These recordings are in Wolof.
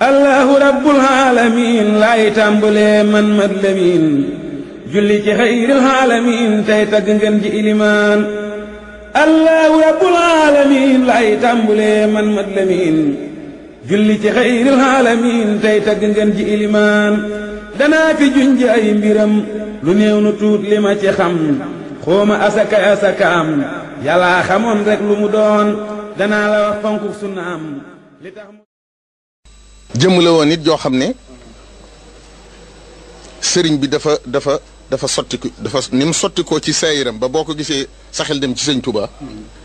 allahu rabbul alamin laay tàmbalee man mat lamin julli ci xayril alamin tey tagg ngeen ji ilimaan allahu rabbul alamin laay tàmbalee man mat lamin julli ci xayril alamin tey tagg ngeen ji ilimaan danaa fi junj mbiram lu néew nu tuut li ma ci xam xooma asakay asaka am yàllaa xamoon rek lu mu doon danaa la wax fonku sunna am jëmm la woon it joo xam ne sëriñ bi dafa dafa dafa sottiku dafa ni mu sottikoo ci saayiram ba boo ko gisee saxel dem ci sëñ Tuubaa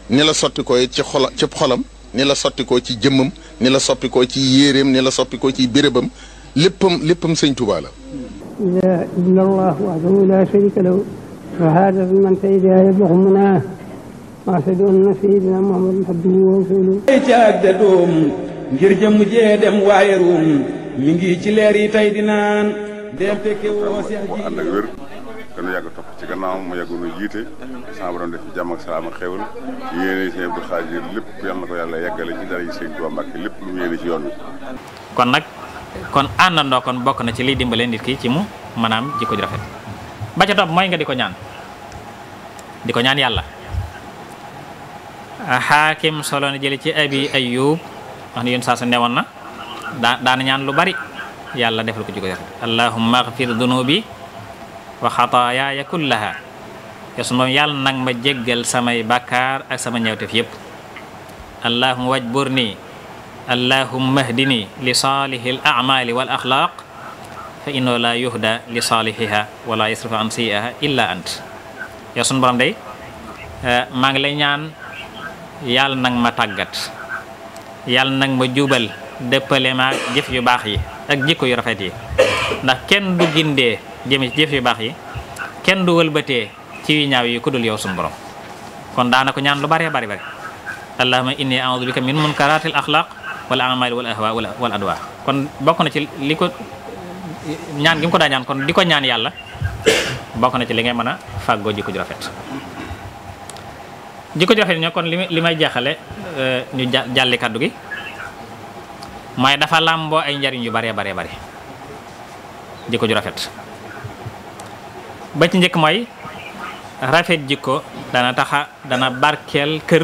ni la sottikoo ci xolam ni la sottikoo ci jëmmam ni la soppikoo ci yéeréem ni la soppikoo ci bérébam léppam léppam sëñ la illa allah wahdahu la sharika lahu shahadatu man sayyidiha yablughu munaa wa ashhadu anna sayyidina muhammadan abduhu wa rasuluhu ngir jëmm jee dem waaye ruum mi ngi ci leer yi tey di naan. del fekke woo seex ji ànd ak topp ci gannaaw mu yàggu nu jiite sama borom def jàmm ak salaam ci dara ci yoon wi. kon nag kon àndandoo kon bokk na ci liy dimbale nit ki ci mu maanaam jikko ju rafet ba topp mooy nga di ko ñaan di ko ñaan yàlla. xaakim solo na jële ci abi ayub wax ne yéen saa sa newoon na ñaan lu bari yàlla defal ko ci ko defal agfir dunubi wa xataayaaya kullaha yosu moom yàlla nag ma jéggal samay bàkkaar ak sama ñëwteef yépp allahumma wajburni allahumma ahdini li saalihi al amali wal fa innahu la yuhda li saalihiha wala yasrifu an siyaha illa ant yow sunu eh, ma tàggat yàlla nag ma jubal dëppale ma jëf yu baax yi ak jikko yu rafet yi ndax kenn du gindee jëme ci jëf yu baax yi kenn du wëlbatee ci yu ñaaw yi ku dul yow suñu borom kon daana ko ñaan lu bëree bëri bëri allahumma inni a'udhu bika min munkaratil axlaq wal a'mal wal ahwa wal adwa kon bokk na ci li ko ñaan gi mu ko daa ñaan kon di ko ñaan yàlla bokk na ci li ngay mën a fàggoo jikko ju rafet ji ko joxe ñoo kon li may jaaxale eh, ñu jàlli kàddu gi mooy dafa làmboo ay njariñ yu bare bare bare jikko ju rafet ba njëkk mooy rafet jikko dana taxa dana barkeel kër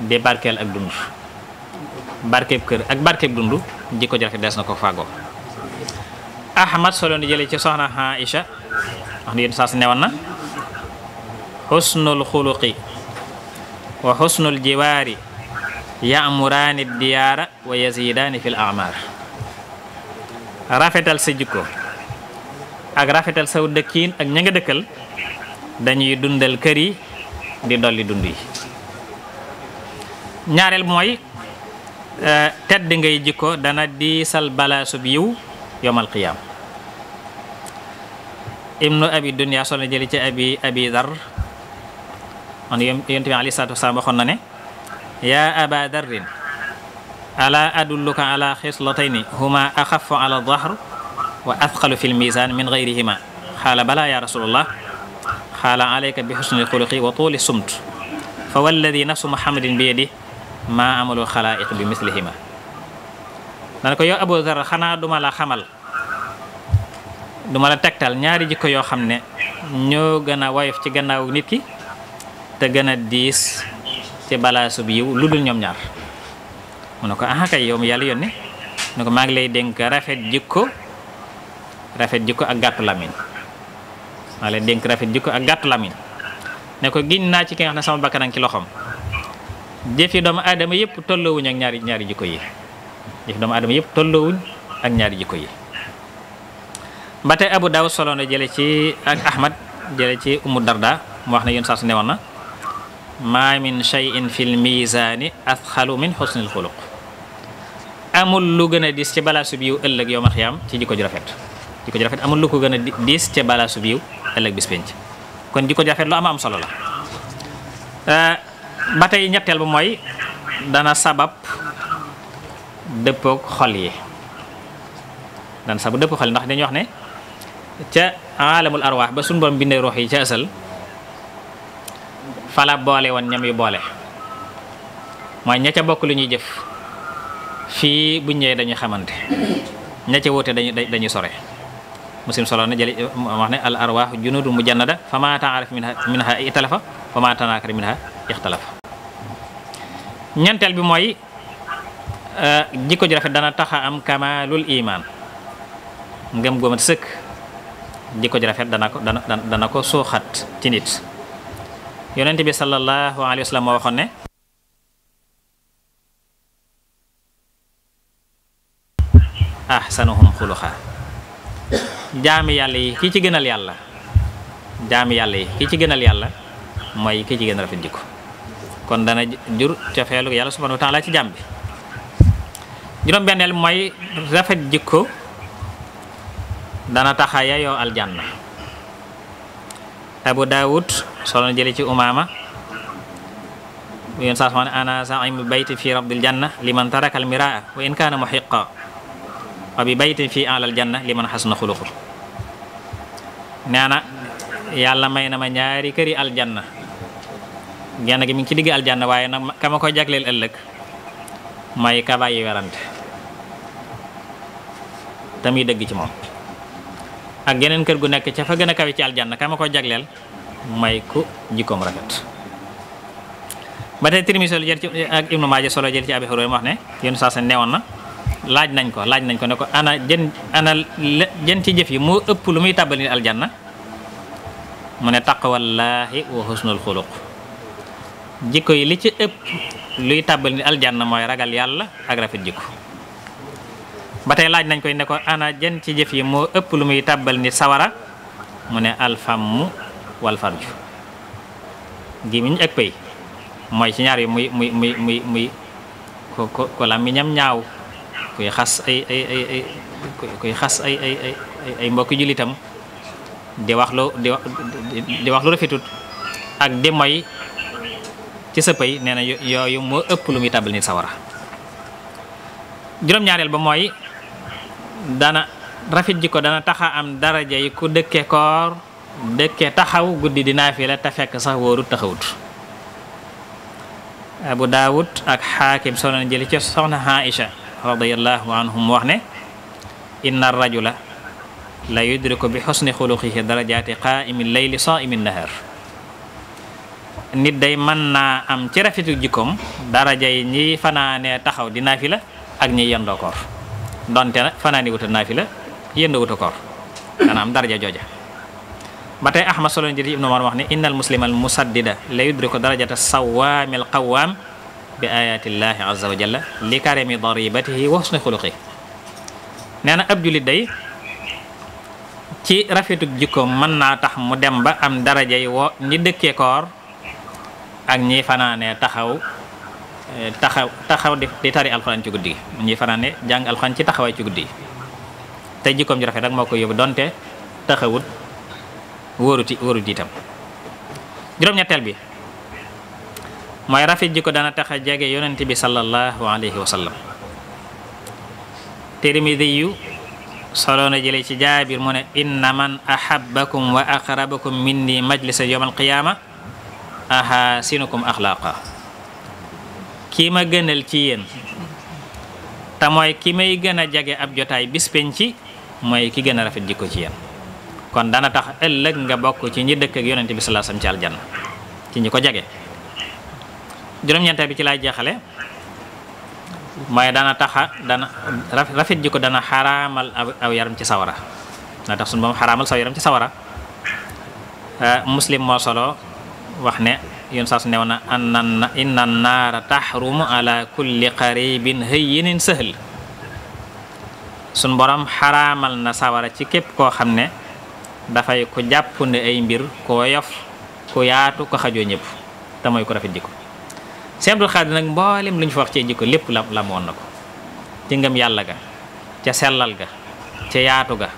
di barkeel ak dund barkeeb kër ak barkeeb dund jikko ju rafet des na ko fàggoo ahmad solo ni jële ci soxna Aïcha wax ni yéen saa si newoon na xusnul xuluqi wa xusnul jiwaari yamuraani diyaara wa yasidaani fil amar rafetal sa jikko ak rafetal saw dëkkiin ak ña nga dëkkal dañuy dundal kër yi di dolli dund yi ñaareel mooy e, tedd ngay jikko dana diisal balaasub yiw yomal qiyaam ibnu abi dunya solo jëli ci abi abi dar on yonent bi aleyhi salaatu wasalaam waxoon na ne yaa aba darrin ala adulluka ala xislatayni huma axafu ala dahr wa athqalu fi lmisan min gayrihima xaala bala ya rasulallah xaala alayka bi xusni lxuluqi wa tuuli sumt fa walladi nafsu muhammadin bi yadi maa amalu xalaayiq bi mislihima dana ko yow Abu Dar xanaa duma la xamal duma la tegtal ñaari jikko yoo xam ne ñoo gën a woyof ci gannaaw nit ki te gën a diis ci balaasu yiw lu dul ñoom ñaar mu ne ko ah kay yow mi yàlla yoon ne ko maa ngi lay dénk rafet jikko rafet jikko ak gàttu làmmiñ maa ngi lay dénk rafet jikko ak gàttu làmmiñ ne ko giñ naa ci ki nga xam ne sama bakkan ci loxoom jëfi yi doomu aadama yëpp tolloowuñ ak ñaari ñaari jikko yi jëf doomu aadama yëpp tolloowuñ ak ñaari jikko yi ba tey Abu Daawud solo na jële ci ak Ahmad jële ci Umu Darda mu wax ne yéen saa su newoon na maa min cheyin fi l misaani afxalu min xusnil xuluq amul lu gën a diis ci balaasu su biiw ëllëg yow ma xiyaam ci jikko ju rafet jikko ju rafet amul lu ko gën a diis ci balaa su biiw ëllëg bis penc kon jikko ju rafet lu am am solo la ba tey ñetteel ba mooy dana sabab dëppoog xol yi dana sabab dëppoog xol ndax dañuy wax ne ca alamul arwaax ba sunu borom bindee ruux yi ca asal fala boole woon ñam yu boole mooy ña bokk lu ñuy jëf fii bu ñëwee dañu xamante ña ca wuute dañu dañu sore muslim solo na jëli wax ne al arwaax junudu mujannada fa ma taarif minha minha italafa fa bi mooy eh, jikko ji rafet dana taxa am kamalul iman ngëm gu sëkk jikko ji rafet dana ko dana dana suuxat ci yonent bi sallallahu alayhi wa sallam moo waxoon ahsanuhum xuluqa jaami yàlla yi ki ci gënal yàlla jaami yàlla yi ki ci gënal yàlla mooy ki ci gën a rafet jikko kon dana jur cofeelu yàlla subhanahu wa taala ci jaam bi juróom-benneel mooy rafet jikko dana taxa yayoo aljanna abu daawud solo na jële ci umaama bu yoon saa sama ne ana saimul bayti fi rabdil janna taraka al miraa in kaana muxiqa wa bi fi alal janna liman xasna xuluqu nee na yàlla may na ma ñaari këri aljanna gi mi ngi ci digg aljanna waaye nag ka ko jagleel ëllëg mooy kabayi werante tamuy dëgg ci moom ak geneen kër gu nekk ca fa gën a kawe ci aljanna ka ma ko jagleel may ko jikkoom rafet ba tey Tirmisi solo jël ci ak Ibnu Maaja solo jël ci Abi Hurayra wax ne yéen saa sa newoon na laaj nañ ko laaj nañ ko ne ko ana jën ana jën ci jëf yi mu ëpp lu muy tàbbali aljanna mu ne taqwallaahi wa husnul xuluq jikko yi li ci ëpp luy tàbbali aljanna mooy ragal yàlla ak rafet jikko ba tey laaj nañ koy ne ko ana jën ci jëf yi moo ëpp lu muy tàbbal ni sawara mu ne alfamu walfarju gémmiñ ak pëy mooy ci ñaar yi muy muy muy muy ko ko ko ñaaw kuy xas ay ay ay ay kuy xas ay ay ay di wax lu di di wax lu rafetut ak di moy ci sa pëy yooyu moo ëpp lu muy tàbbal nit sawara juróom-ñaareel ba mooy dana rafet ji ko dana taxa am daraja yi ku dëkke koor dëkke taxaw guddi di naafila te fekk sax wóorut taxawut abu daawud ak xaakim sono jëli ci soxna aisha radiallahu anhum wax inna rajula la yudriku bi xusni xuluqihi darajaati qaa'imi layli saa'imi nahar nit day mën na am ci rafetu jikkoom daraja yi ñiy taxaw di naafila ak ñiy yendoo koor donte nag fanaani wuta naafila yëndu wuta koor maanaam daraja jooja ba tey ahmad solo jëri ibnu umar wax ne innal muslimal musaddida la yudriku darajata sawaamil qawaam bi ayatillahi azza wa jalla li karami daribatihi wa husni xuluqi nee na ab ci rafetuk jikkoom mën naa tax mu dem ba am daraja wo woo ñi koor ak ñi fanaane taxaw taxaw taxaw di tari alxuraan ci guddi gi mu ñuy fanaane jàng ci taxawaay ci guddi gi te jikkoom ju rafet rek moo ko yóbbu donte taxawut wóoruti wóoruti itam ñetteel bi mooy rafet jikko dana tax a jege yonent bi sallallahu alayhi wa sallam Tirmidi yu solo ci jaabir mu ne inna man ahabbakum wa aqrabakum minni majlisa yawm alqiyama ahasinukum axlaqa ki ma gënal ci yéen te mooy ki may gën a jege ab jotaay bis penci mooy ki gën a rafet jikko ci yéen kon dana tax ëllëg nga bokk ci ñi dëkk ak yonente bi sallallahu alayhi wasallam ci aljanna ci ñi ko jege juróom-ñeenteel bi ci lay jeexale mooy dana taxa dana rafet jikko dana xaraamal aw yaram ci sawara dana tax suñu moom xaraamal saw yaram ci sawara eh, muslim moo solo wax ne yon sas new na anna inna naara taxrumu ala kulli qaribin hayyinin sëhl sun borom xaraamal na sawara ci képp koo xam ne dafay ku jàppandi ay mbir ku woyof ku yaatu ko xajoo ñëpp te mooy ku rafet jikko Sëñ Abdul Xaadir nag mboolem lu ñu fa wax jikko lépp la la na ko ci ngëm yàlla ga ca sellal ga ca yaatu ga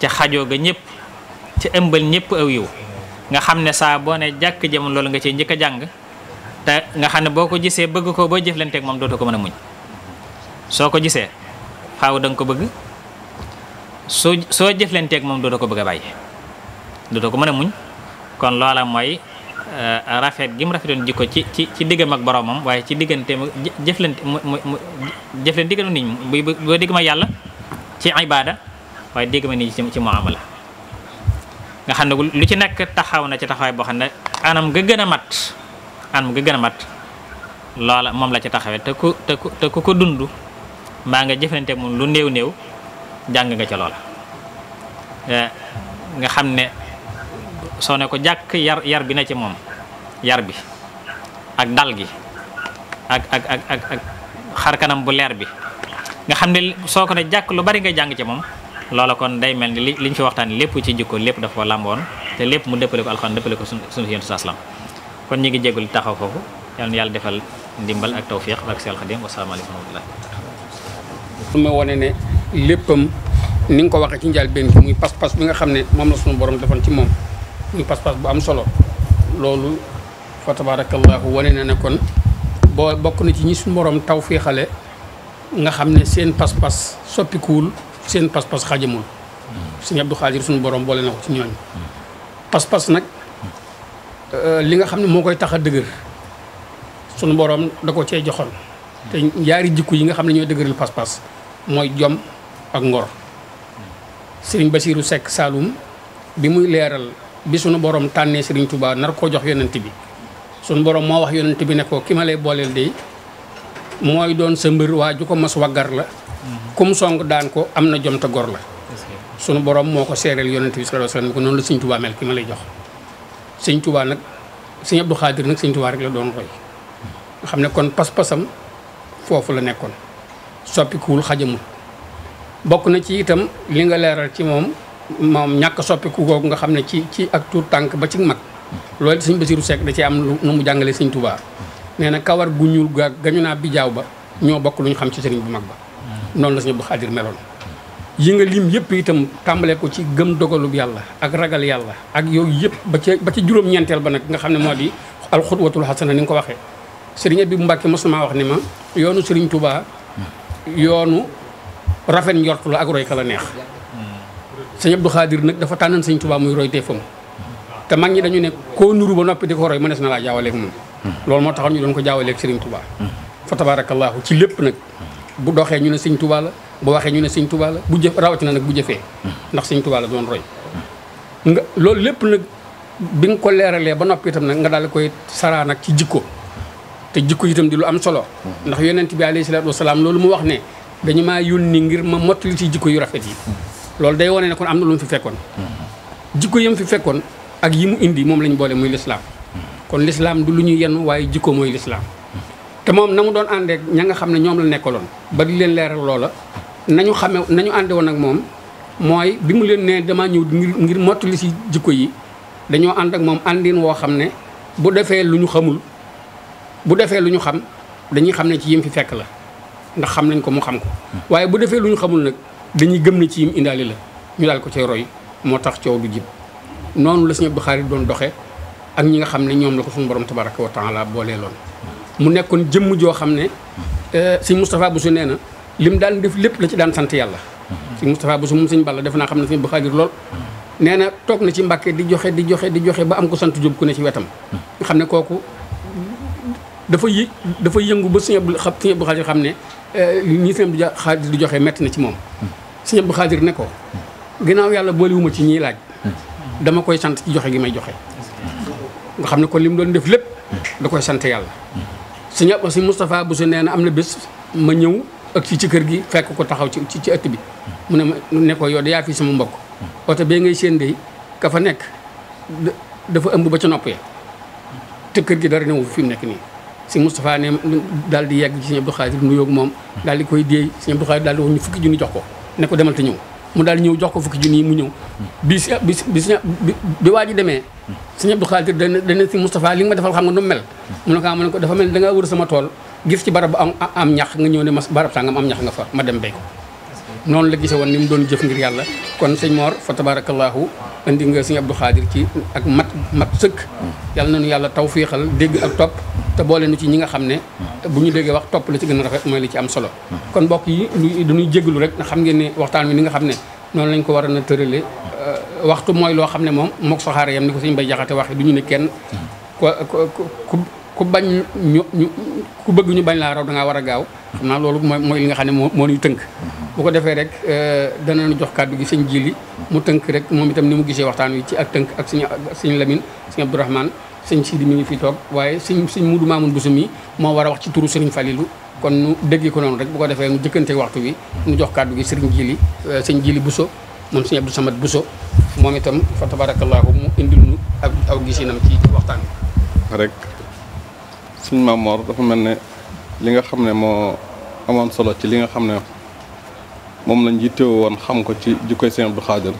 ca xajoo ga ñëpp ca ëmbal ñëpp aw yiw nga xam ne saa boo ne jàkk jëm loolu nga cee njëkk a jàng te nga xam ne boo ko gisee bëgg ko boo jëflanteeg moom dootoo ko mën a muñ ko gisee faaw da ko bëgg soo soo jëflanteeg moom dootoo ko bëgg a bàyyi dootoo ko mën a muñ kon loola mooy euh, rafet gi mu rafetoon jikko ci ci ci diggam ak boromam waaye ci diggante mu jëflante mu mu mu jëflante diggam nit ñi boo digg ma yàlla ci ibada waaye dégg ma nii ci ci muamala nga xam ne lu ci nekk taxaw na ci taxawaay boo xam ne anam ga gën a mat anam ga gën a mat loola moom la ci taxawee te ku te ku ko dund maa nga jëfante moom lu néew néew jàng nga ca loola eh, nga xam ne soo ne ko jàkk yar yar bi na ci moom yar bi ak dal gi ak ak ak ak xar kanam bu leer bi nga xam ne soo ko ne jàkk lu bari nga jàng ci moom loola kon day mel ni li liñ fi waxtaan lépp ci jikko lépp dafa ko làmboon te lépp mu dëppale ko alxuraan dëppale ko suñu kon ñu ngi jéggul taxaw foofu yal yàlla defal ndimbal ak tawfiq ak seel xadim wasalaamaaleykum wa rahmatulah su ma wane ne léppam ni nga ko waxee ci njëlbéen bi muy pas-pas bi nga xam ne moom la suñu borom defoon ci moom muy pas-pas bu am solo loolu fa tabarakallahu wane na ne kon boo bokk na ci ñi suñu borom tawfiixale nga xam ne seen pas-pas soppikuwul seen pas-pas xaajamul sëñ Abdou Xaadir suñu borom boole na ko ci ñooñu pas-pas nag euh, li nga xam ne moo koy tax a dëgër suñu borom da ko cee joxoon te ñaari jikko yi nga xam ne ñooy dëgëral pas-pas mooy jom ak ngor sëriñ Basiiru Sekk Saalum bi muy leeral bi sunu borom tànnee sëriñ Touba nar koo jox yonent bi suñu borom moo wax yonent bi ne ko ki ma lay booleel de mooy doon sa mbër waa ju ko mas waggar la kum song daan ko am na jom te gor la. sunu borom moo ko seereel yonent bi sallallahu alayhi ko noonu la sëñ Tuubaa mel ki ma lay jox. sëñ Tuubaa nag sëñ Abdou Khadir nag sëñ Tuubaa rek la doon roy ne kon pas-pasam foofu la nekkoon soppikuwul xajamul bokk na ci itam li nga leeral ci moom moom ñàkk soppiku googu nga xam ne ci ci ak tuur tànk ba ci mag loolu sëñ Basiru Seck da ci am lu mu jàngalee sëñ Tuubaa nee kawar gu ñuul ga gañu naa bijaaw ba ñoo bokk lu ñu xam ci sëriñ bu mag ba noonu la suñu Abdou Khadir meloon yi nga lim yëpp itam tàmbale ko ci gëm dogalub yàlla ak ragal yàlla ak yooyu yëpp ba ca ba ca juróom-ñeenteel ba nag nga xam ne moo di alxutwatul xasana ni nga ko waxee sëriñ Abibu Mbàkke mos na maa wax ni ma yoonu sëriñ Touba yoonu rafet njort la la neex sëñ Abdou nag dafa tànnan sëñ Touba muy roy teefam te mag ñi dañu ne koo nuru ba noppi di ko roy mënees na laa jaawaleeg moom loolu moo taxoon ñu doon ko jaawaleeg sëriñ Touba fa tabaarakallaahu ci lépp nag bu doxee ñu ne sëñ Tuubaa bu waxee ñu ne sëñ Tuubaa bu jëf rawatina nag bu jëfee ndax sëñ Tuubaa doon roy nga loolu lépp nag bi nga ko leeralee ba noppiitam nag nga daal koy saraa nag ci jikko te jikko itam di lu am solo ndax yonent bi alayhi salaatu wasalaam loolu mu wax ne dañu maa yónni ngir ma mottali ci jikko yu rafet yi loolu day wane ne kon am na lu mu fi fekkoon jikko yam fi fekkoon ak yi mu indi moom lañ boole muy lislaam kon lislaam du lu ñuy yenn waaye jikko mooy lislaam te moom na mu doon àndeek ña nga xam ne ñoom la nekkaloon ba di leen leeral loola nañu xame nañu àndee woon ak moom mooy bi mu leen nee dama ñëw ngir mottali si jikko yi dañoo ànd ak moom àndin woo xam ne bu defee lu ñu xamul bu defee lu ñu xam dañuy xam ne ci yim fi fekk la ndax xam nañ ko mu xam ko waaye bu defee lu ñu xamul nag dañuy gëm ne ci yim indaali la ñu daal ko cay roy moo tax coow du jib noonu la Sëñ Abdou Khadre doon doxe ak ñi nga xam ne ñoom la ko suñu borom tabaraka wa taala boolee loon mu nekkoon jëmm joo xam ne euh, sëñ Moustapha Bousso nee na lim daan def lépp la ci daan sant yàlla. sëñ Moustapha Bousso moom sëñ Balla def naa xam ne sëñ bu xaajir lool. nee na toog na ci Mbàkke di joxe di joxe di joxe ba am ko sant Jóob ku ne ci wetam. nga xam ne kooku dafa yë dafa yëngu ba sëñ Abdou sëñ Abdou Xaadir xam ne euh, nii sëñ Abdou Xaadir di joxe metti na ci moom. sëñ Abdou Xaadir ne ko ginnaaw yàlla boolewuma ci ñiy laaj. dama koy sant ci joxe gi may joxe. nga xam ne kon li mu doon def lépp da koy sant yàlla. suñu si Moustapha Bousso nee na am na bés ma ñëw ak si ci kër gi fekk ko taxaw ci ci ëtt bi mu ne ma ne ko yow de yaa fii sama mbokk oto bee ngay séen de ka fa nekk dafa ëmb ba ca nopp ya kër gi dara newu fi mu nekk nii si Moustapha daal di yegg ci Abdou Khadir nuyoog moom daal di koy déey si Abdou Khadir daal di ñu fukki junni jox ko nekk ko demal te ñëw mu daal ñëw jox ko fukki junni yi mu ñëw bi si bi bi waa ji demee si Abdou Khadir dana dana si Moustapha li ma defal xam nga nu mel mu ne ko ah, mu ne ko dafa mel ni da ngaa wër sama tool gis ci barab am am ñax nga ñëw ne ma barab sàngam am ñax nga fa ma dem béy ko noonu la gise woon ni mu doon jëf ngir yàlla kon sëñ Mor fa tabarakallahu indi nga sëñ Abdou Khadir ci ak mat mat sëkk yàlla nañu yàlla tawfiixal dégg ak topp te boole nu ci ñi nga xam ne bu ñu déggee wax topp la ci gën a rafet mooy li ci am solo kon mbokk yi du duñuy jégalu rek na xam ngeen ne waxtaan wi ni nga xam ne noonu lañ ko war a na tërale waxtu mooy loo xam ne moom mook saxaar yam ni ko sañ Bay Jaxate waxe du ñu ne kenn ku ku ku bañ ñu ñu ku bëgg ñu bañ laa raw da war a gaaw xam naa loolu mooy mooy li nga xam ne moo moo ñuy tënk bu ko defee rek euh, dana nu jox kàddu gi sëñ Jili mu tënk rek moom itam ni mu gisee waxtaan wi ci ak tënk ak sëñ sëñ Lamine sëñ Abdourahmane sëñ Sidi mi ngi fi toog waaye sëñ sëñ Mudu Maamun Busu mi moo war a wax ci turu sëriñ Falilu kon nu déggee noonu rek bu ko defee nu jëkkante waxtu bi nu jox kàddu gi sëriñ Jili euh, sëñ Jili Buso moom sëñ Abdou Samad Buso moom itam fa tabarakallahu mu indil nu ak aw gisinam ci waxtaan wi rek suñ Maam Mor dafa mel ne li nga xam ne moo amoon solo ci li nga xam ne moom lañ yittewoo woon xam ko ci jikko seen Abdou Khadir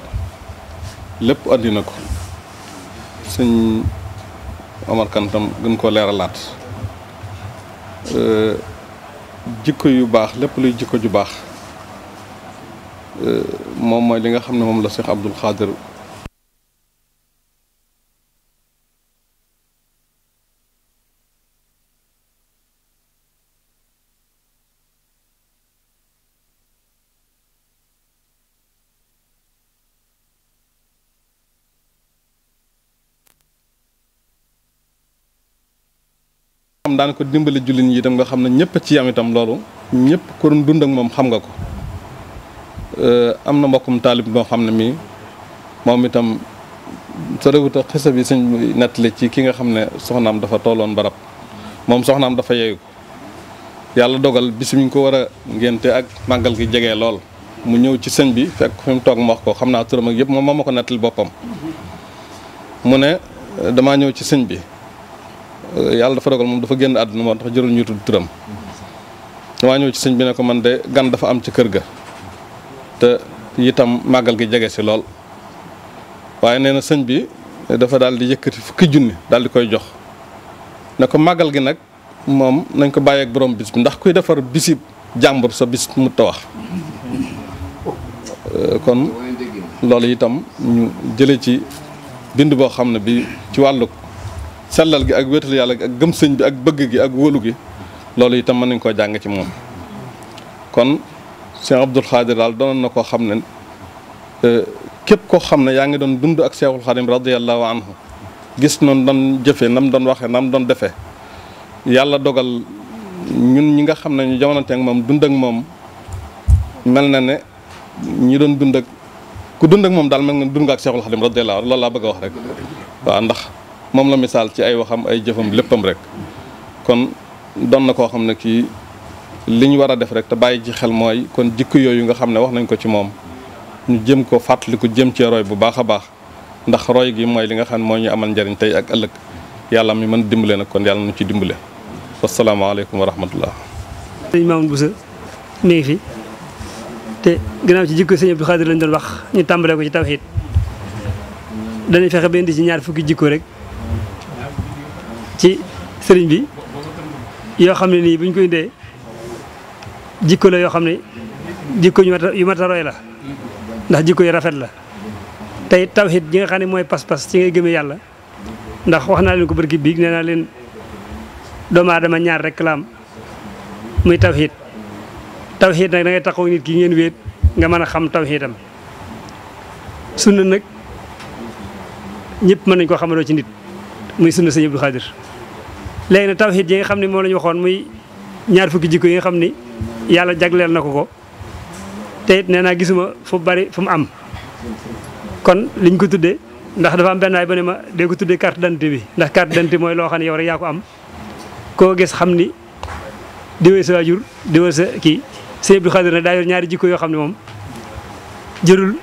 lépp andi na ko sëñ Omar Kantam gën koo leeralaat euh, jikko yu baax lépp luy jikko ju baax euh, moom mooy li nga xam ne moom la Cheikh Abdoul Khadir xam daan ko dimbali jullit ñi itam nga xam ne ñëpp ci yam itam loolu ñëpp ku doon ak moom xam nga ko euh, am na mbokkum taalib moo xam ne mii moom itam sorewut a bi sëñ nettali ci ki nga xam ne soxnaam dafa tooloon barab moom soxnaam dafa yeeyu yàlla dogal bis mi ko war a ngénte ak màggal gi jege lool mu ñëw ci sëñ bi fekk fi mu toog ma ko xam naa turam ak yëpp moom moom ma ko nettali boppam mu ne damaa ñëw ci sëñ bi yàlla dafa dogal moom dafa génn àdduna moo tax jërul ñuy tudd turam damaa ñëw ci sëñ bi ne ko man de gan dafa am ca kër ga te itam màggal gi jege si lool waaye nee na sëñ bi dafa daal di yëkkati fukki junni daal di koy jox ne ko màggal gi nag moom nañ ko bàyyeek borom bis bi ndax kuy defar bisib jàmbur sa bis mu ta wax euh, kon lool itam ñu jële ci bind boo xam ne bi ci wàllu sellal gi ak wéetal yàlla gi ak gëm sëñ bi ak bëgg gi ak wóolu gi loolu itam mën nañ koo jàng ci moom kon Cheikh Abdoul Khadir daal doonoon na koo xam ne euh, képp koo xam ne yaa ngi doon dund ak Cheikhul Khadim radiyallahu anhu gis noonu doon nam doon waxee nam doon defee yàlla dogal ñun ñi nga xam ne ñu jamonante ak moom dund ak moom mel na ne doon dund ak ku dund ak moom daal mel nga ak Cheikhul Khadim radiyallahu loolu laa bëgg a wax rek waaw ndax moom la misaal ci ay waxam ay jëfam léppam rek kon doon na koo xam ne kii li ñu war a def rek te bàyyi ji xel mooy kon jikko yooyu nga xam ne wax nañ ko ci moom ñu jëm ko fàttaliku jëm cee roy bu baax a baax ndax roy gi mooy li nga xam ne moo ñu amal njariñ tey ak ëllëg yàlla mi mën dimbale nag kon yàlla nu ci dimbale wasalaamaaleykum wa rahmatullah te Mamoune Bousso mi ngi fi te gannaaw ci jikko sëñ Abdou Khadir lañ doon wax ñu tàmbalee ko ci tawxiid dañuy fexe ba indi ci ñaar fukki jikko rek ci sëriñ bi yoo xam ne nii buñ koy indee jikko la yoo xam ne jikko yu mat a roy la ndax jikko yu rafet la tey tawhid ji nga xam ne mooy pas-pas ci ngay gëmee yàlla ndax wax naa leen ko barki biig nee naa leen doomu aadama ñaar rek la muy tawhid tawhid nag da ngay taxaw nit ki ngeen wéet nga mën a xam tawhidam sunna nag ñëpp mën nañ ko xamaloo ci nit muy sunna sëñ Abdou Khadir léegi nag tawhid yi nga xam ne moom lañu waxoon muy ñaar fukki jikko yi nga xam ni yàlla jagleel na ko ko te nee naa gisuma fu bari fu mu am kon liñ ko tuddee ndax dafa am benn waay ba ne ma dee ko tuddee carte d'identité bi ndax carte d'identité mooy loo xam ne yow rek yaa ko am koo gis xam ni diwee sa waajur diwee sa kii sëñ Abdou Khadir na daa yor ñaari jikko yoo xam ne moom jërul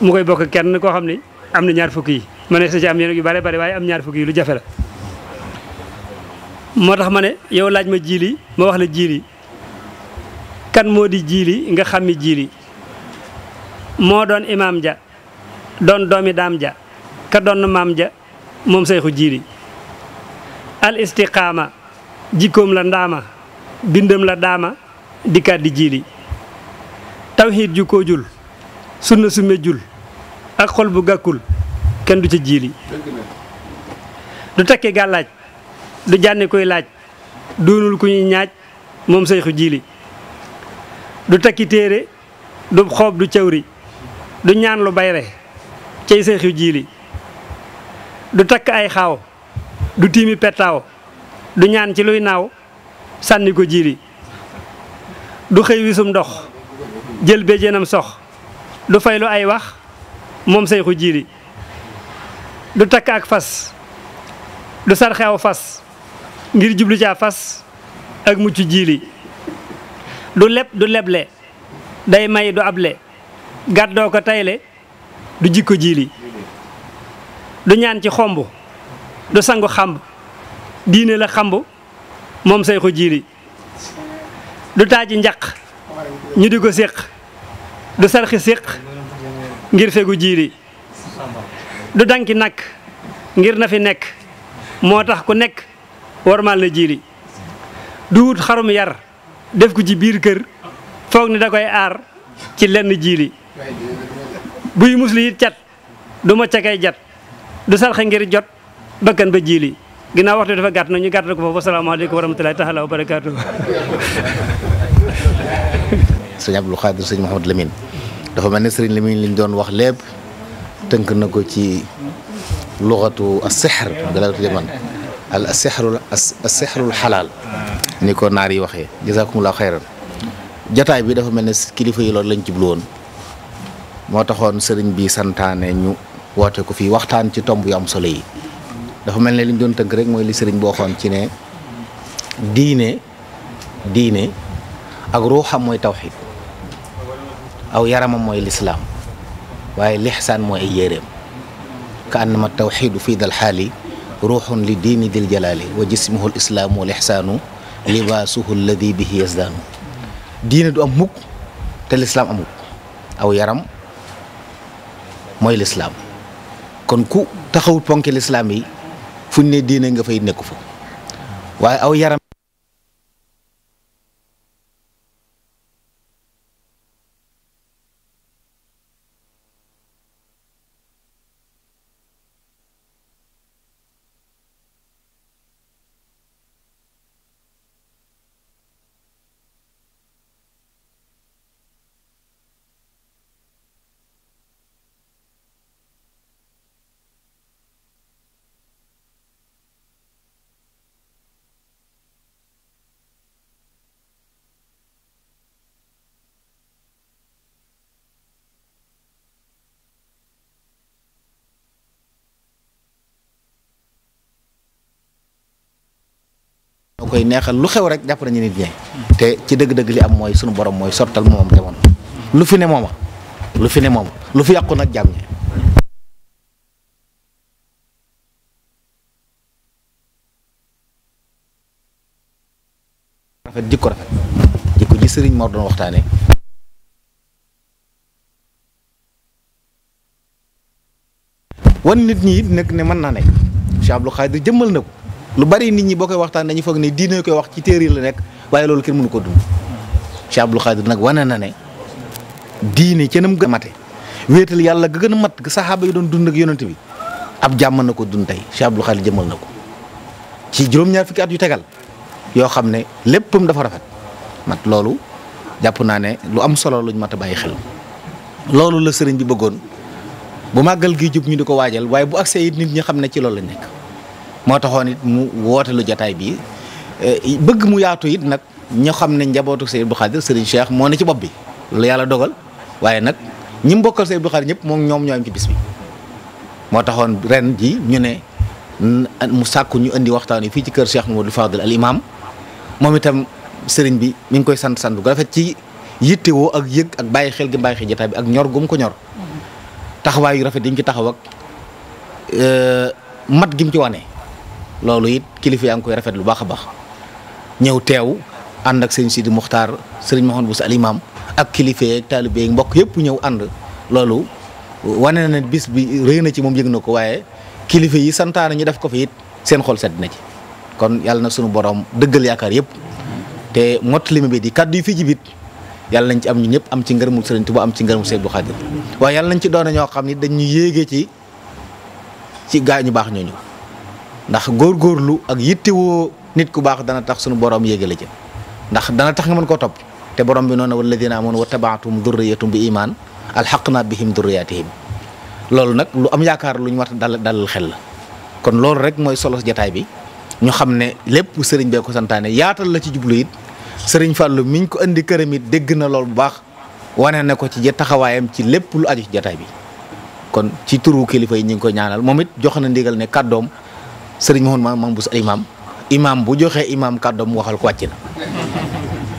mu koy bokk kenn koo xam ne am na ñaar fukki yi ma ne sa ci am yenn yu bare am ñaar fukki yu lu jafe moo tax ma ne yow laaj ma jiili ma wax la jiili kan moo di jiili nga xam ni jiili moo doon imaam ja doon doomi daam ja ka doon maam ja moom sayxu jiili al istiqaama jikkoom la ndaama bindam la daama dikkaat di jiili tawxiid ju ko jul sunna sume ak xol bu gàkkul kenn du ca jiili du tekki gàllaaj du jànni koy laaj doonul ku ñuy ñaaj moom sayxu jiili du takki téere du xoob du cawri du ñaan lu bayre cay sayxu jiili du takk ay xaaw du tiimi pettaaw du ñaan ci luy naaw sànni ko jiili du xëy wisum ndox jël béjéenam sox du lu ay wax moom sayxu jiili du takk ak fas du sarxe fas ngir jublu caa fas ak mucc jiili du leb du leble day may du able gàddoo ko tayle du jikko jiili du ñaan ci xomb du sangu xamb diine la xamb moom say ko jiili du taaji njaq ñu di ko séq du sarxi séq ngir fegu jiili du danki nakk ngir na fi nekk moo tax ku nekk warmaal na jiili du wut xarum yar def ko ci biir kër foog ni da koy aar ci lenn jiili buy musli it cat du ma cakay jat du salxe ngir jot bakkan ba jiili ginnaaw waxtu dafa gàtt na ñu gàttal ko foofu asalaamaaleykum wa rahmatulahi taala wa barakaatu sëñ Abdou Khadir sëñ Mouhamadou Lamine dafa mel ne sëriñ Lamine liñ doon wax lépp tënk na ko ci luxatu as-sihr bilaatu yaman al sihrul as-sihrul xalaal ni ko naar yi waxee jazakumullahu xayran jataay bi dafa mel ne kilifa yi loolu lañ jublu woon moo taxoon sëriñ bi santaane ñu woote ko fii waxtaan ci tomb yu am solo yi dafa mel ne liñ doon tënk rek mooy li sëriñ boo xoon ci ne diine diine ak ruuxam mooy tawxiid aw yaramam mooy lislaam waaye lixsaan mooy ay yéeréem ka annama tawxiidu fii dal xaali ruuxun li diini dil jalaali wa jismuhu lislaamu wal ixsaanu libaasuhu alladi bihi yasdaanu diine du am mukk te lislaam amul aw yaram mooy lislaam kon ku taxawul ponki lislaam yi fuñ ne diine nga fay nekku fa waaye aw yaram koy neexal lu xew rek jàpp nañu nit ñi te ci dëgg-dëgg li am mooy sunu borom mooy sottal moomam te moom lu fi ne mooma lu fi ne lu fi yàqu nag jàmm ñi rafet jikko doon waxtaane wan nit ñi it nag ne mën naa nekk Cheikh Abdou Khadir jëmmal na ko lu bari nit ñi boo koy waxtaan dañuy foog nii diine koy wax ci téere la nekk waaye loolu kenn mënu ko dund Cheikh Abdou Khadir nag wane na ne diine ca nam yàlla ga gën a mat saxaaba yi doon dund ak yonent bi ab jàmm na ko dund tey Cheikh Abdou Khadir jëmal na ko ci juróom-ñaar fukki at yu tegal yoo xam ne léppam dafa rafet mat loolu jàpp naa ne lu am solo luñ mat a bàyyi xel loolu la sëriñ bi bëggoon bu màggal gi jub ñu di ko waajal waaye bu agsee it nit ñi xam ne ci loolu lañ nekk moo taxoon it mu woote lu jotaay bii eh, bëgg mu yaatu it nag ñoo xam ne njabootu Sëriñ Abdou Khadir Sëriñ Cheikh moo ne ci bopp bi lu yàlla dogal waaye nag ñi mu bokkal Sëriñ Abdou Khadir ñëpp moom ñoom ñoo am ci bis bi. moo ren ji ñu ne mu sàkku ñu indi waxtaan yi fii ci kër Cheikh Mamadou Fadil al imam moom itam sëriñ bi mu ngi koy sant sant bu rafet ci yittewoo ak yëg ak bàyyi xel gi bàyyi xel jotaay bi ak ñor gum ko ñor mm-hmm. taxawaay yu rafet yi ñu ci taxaw ak eh, mat gi ci wane. loolu it kilifa yaa ngi koy rafet lu baax a baax ñëw teew ànd ak sëñ Sidi Muxtaar sëriñ Mouhamadou Bousso Alimaam ak kilifa yeeg taalibe mbokk yëpp ñëw ànd loolu wane na bis bi rëy na ci moom yëg na ko waaye kilifa yi santaane ñu def ko fi it seen xol sedd na ci kon yàlla na sunu borom dëggal yaakaar yëpp te mott li bi di kàddu yi fii ci bit yàlla nañ ci am ñu ñëpp am ci ngërëmul Sëriñ Tuubaa am ci ngërëmul Sëriñ Abdou Khadre waaye yàlla nañ ci doon ñoo xam ni dañu yéegee ci ci gaa ñu baax ñooñu ndax góor góor lu ak yittewoo nit ku baax dana tax sunu borom la ci ndax dana tax nga mën koo topp te borom bi noonu walladina amoon wa tabaatum durriyatum bi iman alxaqna bihim durriyatihim loolu nag lu am yaakaar lu ñu war dal dalal xel la kon loolu rek mooy solo jataay bi ñu xam ne lépp sëriñ bee ko santaane yaatal la ci jublu it sëriñ Fàllu miñ ko indi këram it dégg na lool bu baax wane na ko ci taxawaayam ci lépp lu aju jataay bi kon ci turu kilifa yi ñu ngi ko ñaanal moom it jox na ndigal ne kàddoom sëriñ Mawone maam maam bus ay maam imaam bu joxee imaam kàddoom waxal ko wàcc na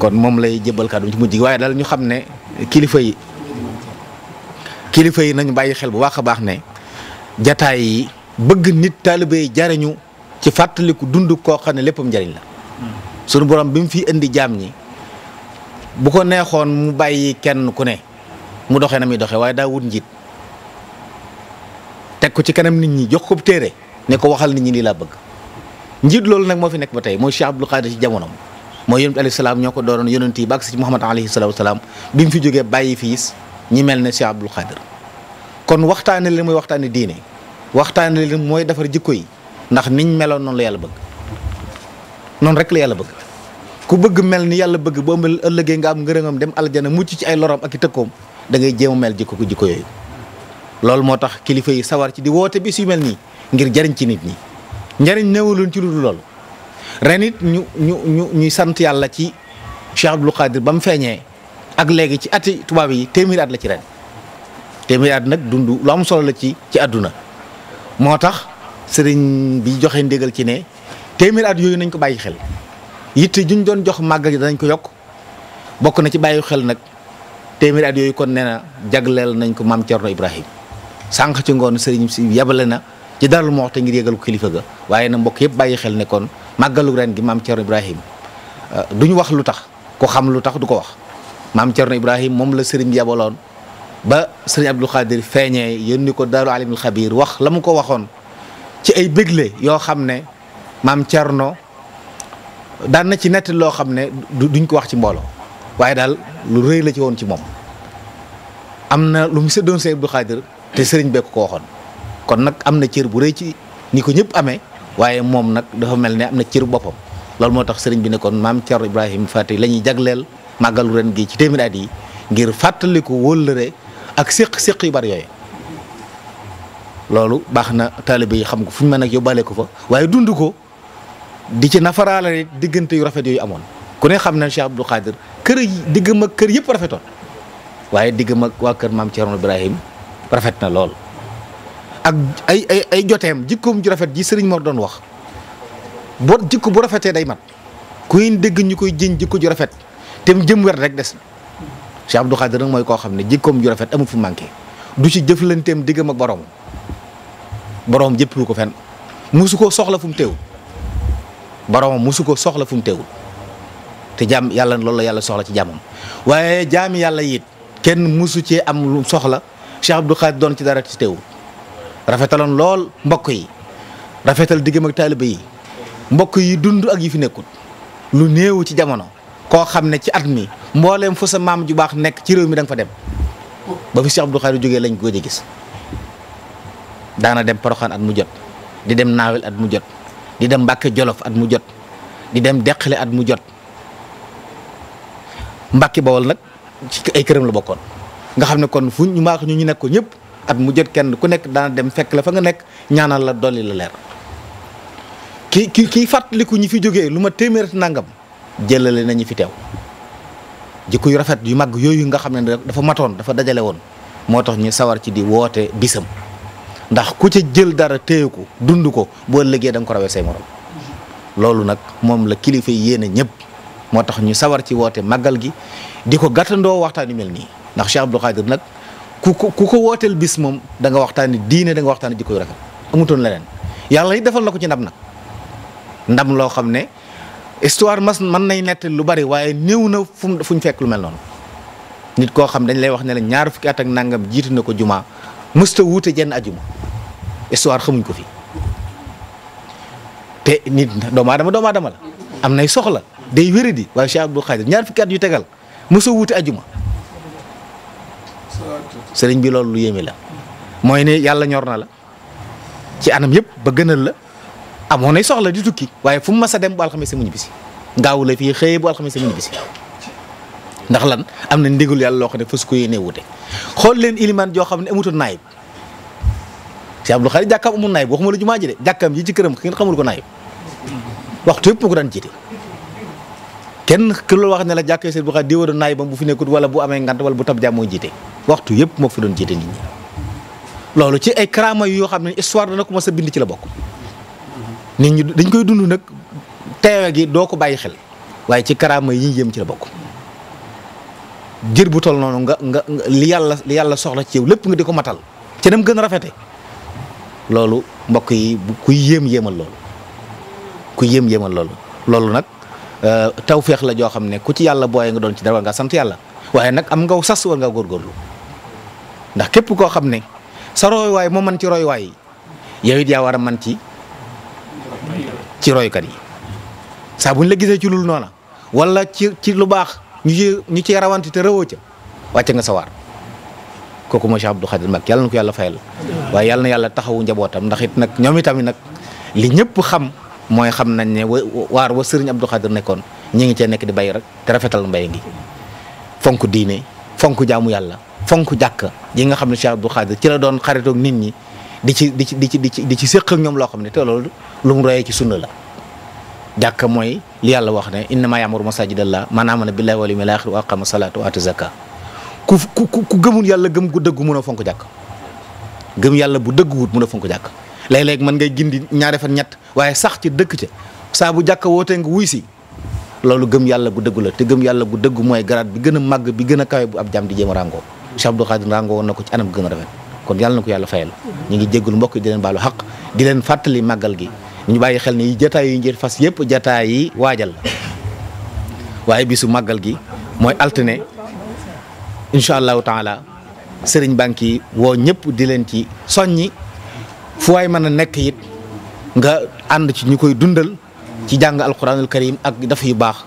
kon moom lay jébbal kàddoom ci mu gi waaye daal ñu xam ne kilifa yi kilifa yi nañu bàyyi xel bu baax a baax ne jataay yi bëgg nit taalibe yi jariñu ci fàttaliku dund koo xam ne léppam njariñ la sunu borom bi mu fi indi jaam ñi bu ko neexoon mu bàyyi kenn ku ne mu doxee na muy doxee waaye daa wut njiit teg ko ci kanam nit ñi jox ko téere ne ko waxal nit ñi lii laa bëgg njiit loolu nag moo fi nekk ba tey mooy Cheikh Abdul Qadir ci jamonoom mooy yonent alayhi salaam ñoo ko dooroon yonent yi ba agsi ci Muhammad alayhi salaatu salaam bi mu fi jógee bàyyi fiis ñi mel ne Cheikh Abdul Qadir kon waxtaane leen mooy waxtaane diine waxtaane leen mooy defar jikko yi ndax niñ meloon noonu la yàlla bëgg noonu rek la yàlla bëgg ku bëgg mel ni yàlla bëgg boo mel ëllëgee nga am ngërëngam dem aljana mucc ci ay loroom ak i tëkkoom da ngay jéem mel jikko ko jikko yooyu loolu moo tax kilifa yi sawar ci di woote bis mel nii ngir jariñ ci nit ñi njariñ néewaloon ci lu dul loolu ren it ñu ñu ñu ñuy sant yàlla ci Cheikh Abdoul Khadir ba mu feeñee ak léegi ci ati tubaab yi téeméeri at la ci ren téeméeri at nag dund lu am ci ci àdduna moo tax sëriñ bi joxe ndégal ci ne téeméeri yooyu nañ ko bàyyi xel yitte juñ doon jox màggal ji danañ ko yokk bokk na ci bàyyi xel nag téeméeri at yooyu kon nee na jagleel nañ ko maam Thierno Ibrahim sànq ci ngoon sëriñ si yebale na. ci Darou Mouhty ngir yëgal ko kilifa ga waaye na mbokk yëpp bàyyi xel ne kon màggalu ren gi maam Thierno Ibrahim euh, duñu wax lu tax ku xam lu tax du ko wax maam Thierno Ibrahim moom la sëriñ yabaloon ba sëriñ Abdou Khadir feeñee yónni ko Daaru Alimul Xabiir wax la mu ko waxoon ci ay bégle yoo xam ne maam Thierno daan na ci nett loo xam ne duñ ko wax ci mbooloo waaye daal lu rëy la ci woon ci moom am na lu mu seddoon sëriñ Abdou te sëriñ bee ko ko waxoon kon nag am na cër bu rëy ci ni ko ñëpp amee waaye moom nag dafa mel ne am na cër boppam loolu moo tax sëriñ bi ne kon maam Thierno Ibrahima Faty la lañuy jagleel màggalu ren gi ci téeméeri at yi ngir fàttaliku wóllëre ak séq-séq yu bari yooyu loolu baax na taalibe yi xam ko fu ñu mën nag yóbbaale ko fa waaye dund ko di ci nafaraale diggante yu rafet yooyu amoon ku ne xam na Cheikh Abdou Khadir kër yi diggam mag kër yëpp rafetoon waaye diggam mag waa kër maam Thierno rafet na lool. ak ay ay ay joteem jikkoom ju rafet ji sëriñ Mor doon wax boo jikko bu rafetee day mat kuy dégg ñu koy jëñ jikko ju rafet te mu jëm wér rek des na Cheikh Abdou Khadir mooy koo xam ne jikkoom ju rafet amul fu manqué du ci jëflanteem diggam ak borom borom jëppiwu ko fenn musu koo soxla fu mu teewul borom musu koo soxla fu mu teewul te jaam yàlla loolu la yàlla soxla ci jaamam waaye jaam yàlla it kenn musu cee am soxla Cheikh Abdou Khadir doon ci dara ci teewul. rafetaloon lool mbokk yi rafetal diggam ak taaliba yi mbokk yi dund ak yi fi nekkut lu néew ci jamono koo xam ne ci at mi mbooleem fu sa maam ju baax nekk ci réew mi danga fa dem ba fi Cheikh Abdou Khadre jógee lañ ko gis daana dem Poroxaan at mu jot di dem Naawel at mu jot di dem Mbàkke Jolof at mu jot di dem deqle at mu jot Mbàkke Bawol nag ci ay këram la bokkoon nga xam ne kon fu ñu maax ñu ñu nekk ko ñëpp at mu jot kenn ku nekk dana dem fekk la fa nga nekk ñaanal la dolli la leer ki ki kii fàttaliku ñi fi jógee lu ma téeméer nangam jëlale nañu fi teew jikko yu rafet yu mag yooyu nga xam ne dafa matoon dafa dajale woon moo tax ñu sawar ci di woote bisam ndax ku ca jël dara téye dund ko boo liggéey da ko rawee say morom loolu nag moom la kilifa yéene ñëpp moo tax ñu sawar ci woote màggal gi di ko gàttandoo waxtaan yu mel nii ndax Cheikh Abdou Khadir nag ku ko ku ko wooteel bis moom da nga waxtaani diine da waxtaan waxtaani jikko yu rafet amutoon leneen yàlla yi defal na ko ci ndam nag ndam loo xam ne histoire mas man nay nett lu bari waaye néew na fu mu ñu fekk lu mel noonu nit koo xam ne dañ lay wax ne ñaar fukki at ak nangam jiitu na ko jumaa mësta wuute jenn ajuma histoire xamuñ ko fi te nit doomu aadama doomu aadama la am nay soxla day wéradi waaye Cheikh Abdou Khadir ñaar fukki at yu tegal mësa wuute ajuma sëriñ bi loolu lu yéeme la mooy ne yàlla ñor na la ci anam yëpp ba gënal la am amoon nay soxla di tukki waaye fu mu mas a dem bu alxames mu ñibbisi ngaawu la fii xëyee bu alxames mu ñibbisi ndax lan am na ndigal yàlla loo xam ne fa su ko yéenee wute xool leen ilimaan joo xam ne amutoon naayib si Abdou Khari jàkkaam amul naayib waxuma la jumaa ji de jàkkaam ji ci këram ki ngeen xamul ko naayib waxtu yëpp mu ko daan jiite kenn ku la wax ne la jàkkee sëñ bu xaar diwa doon naay bam bu fi nekkut wala bu amee ngant wala bu tab jàmm mooy waxtu yëpp moo fi doon jiite nit ñi loolu ci ay karaama yoo xam ne histoire dana commencé bind ci la bokk nit ñi dañ koy dund nag teewe gi doo ko bàyyi xel waaye ci karaama yi ñu yëm ci la bokk jër bu tol noonu nga nga li yàlla li yàlla soxla ci yow lépp nga di ko matal ci nam gën a rafete loolu mbokk yi ku yéem yéemal loolu ku yéem yéemal loolu loolu Euh, tawféex la joo xam ne ku ci yàlla booyee nga doon ci dara war ngaa sant yàlla waaye nag am nga sas war ngaa góorgóorlu ndax képp koo xam ne sa waay moo man ci roywaay waay yow it yaa war man ci ci roykat yi saa bu la gisee ci lul noona wala ci ci lu baax ñu ci ñu ci rawante te rëwoo ca wàcce nga sa waar kooku mooy Cheikh Abdou Khadir Mbacké yàlla na ko yàlla fayal waaye yàlla na yàlla taxawu njabootam ndax it nag ñoom itamit nag li ñëpp xam. mooy xam nañ ne wa waar wa sëriñ Abdou Khadir nekkoon ñi ngi cee nekk di bay rek te rafetal mbay ngi fonk diine fonk jaamu yàlla fonk jàkk yi nga xam ne Cheikh Abdou Khadir ci la doon xaritook nit ñi di ci di ci di ci di ci di ci séq ñoom loo xam ne te loolu lu mu royee ci sunna la jàkk mooy li yàlla wax ne innama ya'muru masajidallah man amana billahi wal yawmil akhir wa aqama salata xam ata zaka ku ku ku gëmul yàlla gëm gu dëggu mun fonk jàkk gëm yàlla bu dëgguwut mun a fonk jàkk léeg-léeg mën ngay gindi ñaari fan ñett waaye sax ci dëkk ca saa bu jàkka wootee nga wuy si loolu gëm yàlla gu dëggu la te gëm yàlla gu dëggu mooy garaat bi gën a màgg bi gën a kawe bu ab jàmm di jéem a ràngoo Cheikh Abdou na ko ci anam gën a rafet kon yàlla na ko yàlla fayal ñu ngi jéggul mbokk yi di leen baalu xaq di leen fàttali màggal gi ñu bàyyi xel ni jataay yu njër fas yëpp jataay yi waajal waaye bisu màggal gi mooy altine incha allahu taala sëriñ banque yi woo ñëpp di leen ci soññi fu waay mën a nekk it nga ànd ci ñu koy dundal ci jàng alquranul karim ak daf yu baax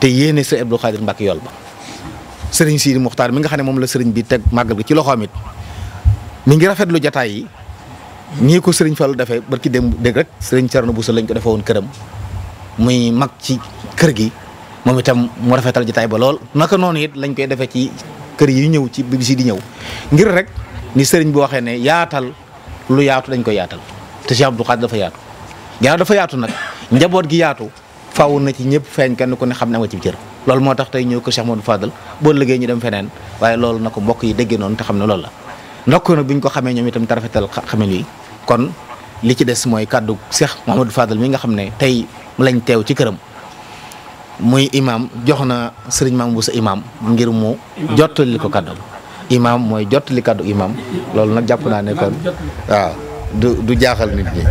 te yéene sëriñ Abdou Khadir Mbacke yool ba sëriñ Sidi Muxtaar mi nga xam ne moom la sëriñ bi teg màggal gi ci loxoom it mi ngi rafetlu jataay yi ñii ko sëriñ Fallu defee ba ci dem dégg rek sëriñ Cerno Bousso lañ ko defee woon këram muy mag ci kër gi moom itam mu rafetal jataay ba lool naka noonu it lañ koy defee ci kër yi ñëw ci bi si di ñëw ngir rek ni sëriñ bi waxee ne yaatal. lu yaatu dañ ko yaatal te Cheikh Abdou Khadre dafa yaatu ginnaaw dafa yaatu nag njaboot gi yaatu faaw na ci ñëpp feeñ kenn ku ne xam ne nga ci cër loolu moo tax tey ñëw ko Cheikh Modou Fadal boo liggéey ñu dem feneen waaye loolu na ko mbokk yi déggee te xam ne loolu la ndokk nag bi ñu ko xamee ñoom itam tarafetal xamen yi kon li ci des mooy kàddu Cheikh Mouhamadou Fadal mi nga xam ne tey lañ teew ci këram muy imaam jox na sëriñ maam bu sa imaam ngir mu jottali ko kàddoom imaam mooy jottali kàddu imaam loolu nag jàpp naa ne kon waaw du du jaaxal nit ñi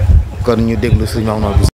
kon ñu déglu suñu maam